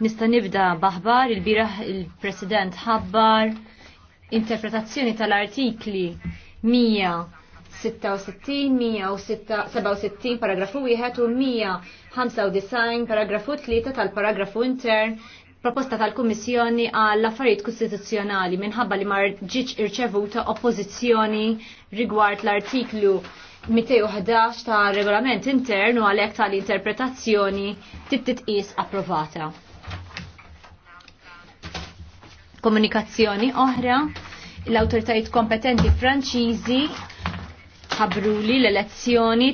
Nista' nibda baħbar, il-biraħ il-President ħabbar interpretazzjoni tal-artikli 166-167 paragrafu 1 u 195 paragrafu 3 tal-paragrafu intern proposta tal-Kummissjoni għall affarijiet kostituzzjonali minħabba li mar ġiċ irċevuta oppożizzjoni rigward l-artiklu 211 tal regolament intern u għalhekk tal-interpretazzjoni titqis approvata. Komunikazzjoni oħra, l-autoritajiet kompetenti Franċiżi ħabruli li l-elezzjoni